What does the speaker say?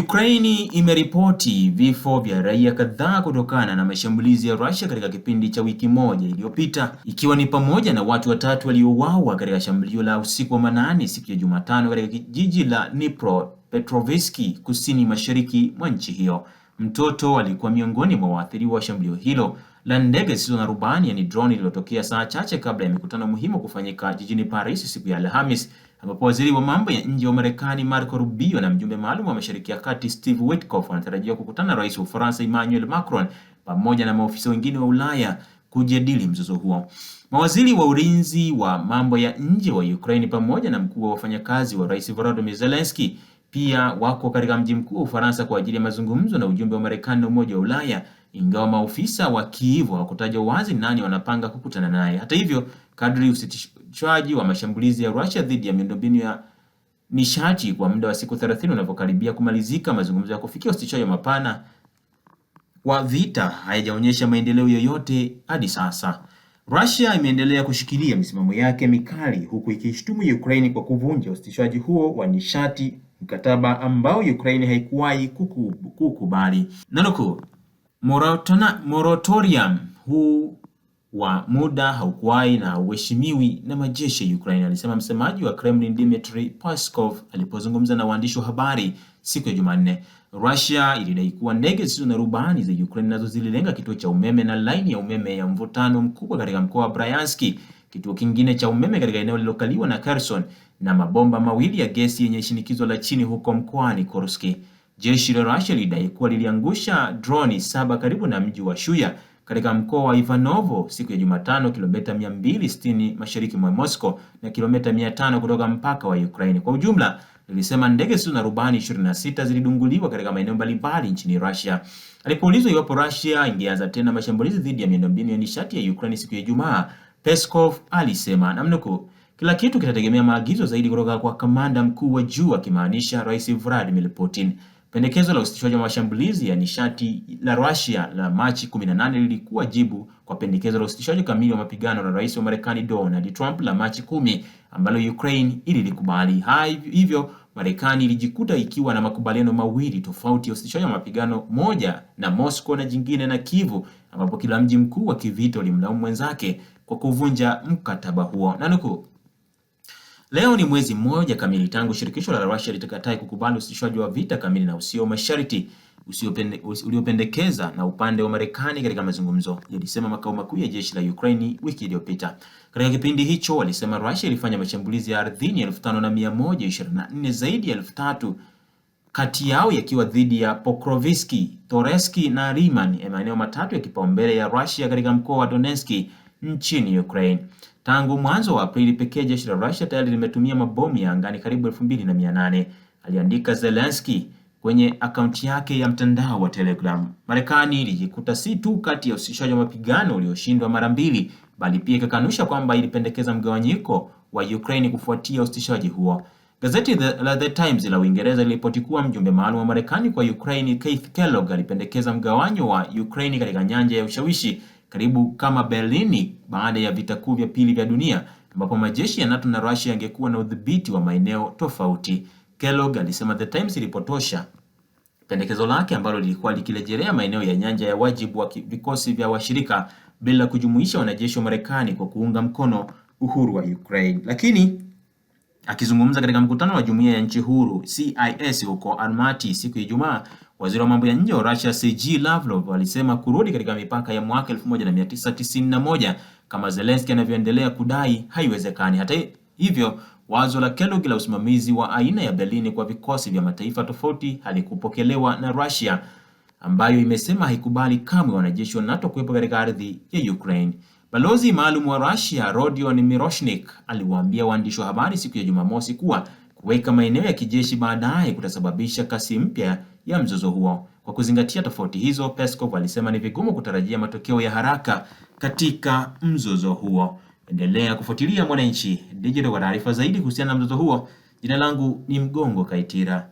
Ukraini imeripoti vifo vya raia kadhaa kutokana na mashambulizi ya Russia katika kipindi cha wiki moja iliyopita, ikiwa ni pamoja na watu watatu waliouawa katika shambulio la usiku wa manane siku ya Jumatano katika kijiji la Dnipropetrovsk, kusini mashariki mwa nchi hiyo. Mtoto alikuwa miongoni mwa waathiriwa wa shambulio hilo la ndege zisizo na rubani yani drone lililotokea saa chache kabla ya mikutano muhimu kufanyika jijini Paris siku ya Alhamis, ambapo waziri wa mambo ya nje wa Marekani Marco Rubio na mjumbe maalum wa Mashariki ya Kati Steve Witkoff wanatarajiwa kukutana na rais wa Ufaransa Emmanuel Macron pamoja na maofisa wengine wa Ulaya kujadili mzozo huo. Mawaziri wa ulinzi wa mambo ya nje wa Ukraine pamoja na mkuu wa wafanyakazi wa Rais Volodymyr Zelensky pia wako katika mji mkuu wa Ufaransa kwa ajili ya mazungumzo na ujumbe wa Marekani na Umoja wa Ulaya, ingawa maofisa wa Kiev hawakutaja wazi nani wanapanga kukutana naye. Hata hivyo, kadri usitishwaji wa mashambulizi ya Russia dhidi ya miundombinu ya nishati kwa muda wa siku 30 unavyokaribia kumalizika, mazungumzo ya kufikia usitishwaji mapana wa vita hayajaonyesha maendeleo yoyote hadi sasa. Russia imeendelea kushikilia misimamo yake mikali huku ikishtumu Ukraine kwa kuvunja usitishwaji huo wa nishati mkataba ambao Ukraine haikuwahi kukubali. Nanukuu, moratorium huu wa muda haukuwahi na hauheshimiwi na majeshi ya Ukraine, alisema msemaji wa Kremlin Dmitry Peskov alipozungumza na waandishi wa habari siku ya Jumanne. Russia ilidai kuwa ndege zisizo na rubani za Ukraine nazo zililenga kituo cha umeme na laini ya umeme ya mvutano mkubwa katika mkoa wa Bryansk Kituo kingine cha umeme katika eneo lililokaliwa na Kherson na mabomba mawili ya gesi yenye shinikizo la chini huko mkoani Kursk. Jeshi la Russia lilidai kuwa liliangusha droni saba karibu na mji wa Shuya katika mkoa wa Ivanovo siku ya Jumatano, kilomita 260 mashariki mwa Moscow na kilomita 500 kutoka mpaka wa Ukraine. Kwa ujumla, lilisema ndege zisizo na rubani 26 zilidunguliwa katika maeneo mbalimbali nchini Russia. Alipoulizwa iwapo Russia ingeanza tena mashambulizi dhidi ya miundombinu ya nishati ya Ukraine siku ya Ijumaa, Peskov alisema namnukuu, kila kitu kitategemea maagizo zaidi kutoka kwa kamanda mkuu wa juu, akimaanisha Rais Vladimir Putin. Pendekezo la usitishwaji wa mashambulizi ya nishati la Russia la Machi 18 lilikuwa jibu kwa pendekezo la usitishwaji kamili wa mapigano la Rais wa Marekani Donald Trump la Machi 10 ambalo Ukraine ililikubali. Hivyo Marekani ilijikuta ikiwa na makubaliano mawili tofauti ya usitishwaji wa mapigano, moja na Moscow na jingine na Kivu, ambapo kila mji mkuu wa kivita ulimlaumu mwenzake kwa kuvunja mkataba huo na nukuu, leo ni mwezi mmoja kamili tangu shirikisho la Russia litakatai kukubali usitishwaji wa vita kamili na usio masharti uliopendekeza na upande wa Marekani katika mazungumzo, yalisema makao makuu ya jeshi la Ukraini wiki iliyopita. Katika kipindi hicho, walisema Russia ilifanya mashambulizi ya ardhini 5124 zaidi ya 3000 kati yao yakiwa dhidi ya Pokrovski, Toreski na Riman, maeneo matatu ya kipaumbele ya Russia katika mkoa wa Donetsk nchini Ukraine. Tangu mwanzo wa Aprili pekee jeshi la Russia tayari limetumia mabomu ya angani karibu 2800, aliandika Zelensky kwenye akaunti yake ya mtandao wa Telegram. Marekani ilijikuta si tu kati ya usitishaji wa mapigano ulioshindwa mara mbili, bali pia ikakanusha kwamba ilipendekeza mgawanyiko wa Ukraine kufuatia usitishaji huo. Gazeti la The Times la Uingereza liliripoti kuwa mjumbe maalum wa Marekani kwa Ukraine Keith Kellogg alipendekeza mgawanyo wa Ukraine katika nyanja ya ushawishi karibu kama Berlini baada ya vita kuu vya pili vya dunia ambapo majeshi ya NATO na Russia yangekuwa na udhibiti wa maeneo tofauti. Kellogg alisema The Times ilipotosha pendekezo lake ambalo lilikuwa likirejelea maeneo ya nyanja ya wajibu wa vikosi vya washirika bila kujumuisha wanajeshi wa Marekani kwa kuunga mkono uhuru wa Ukraine. Lakini akizungumza katika mkutano wa jumuiya ya nchi huru CIS huko Almaty siku ya Ijumaa, Waziri wa mambo ya nje wa Russia Sergei Lavrov alisema kurudi katika mipaka ya mwaka 1991 kama Zelensky anavyoendelea kudai haiwezekani. Hata hivyo, wazo la Kellogg la usimamizi wa aina ya Berlin kwa vikosi vya mataifa tofauti halikupokelewa na Russia ambayo imesema haikubali kamwe wanajeshi wa NATO kuwepo katika ardhi ya Ukraine. Balozi maalum wa Russia Rodion Miroshnik aliwaambia waandishi wa habari siku ya Jumamosi kuwa kuweka maeneo ya kijeshi baadaye kutasababisha kasi mpya ya mzozo huo. Kwa kuzingatia tofauti hizo, Peskov alisema ni vigumu kutarajia matokeo ya haraka katika mzozo huo. Endelea kufuatilia Mwananchi Digital kwa taarifa zaidi kuhusiana na mzozo huo. Jina langu ni Mgongo Kaitira.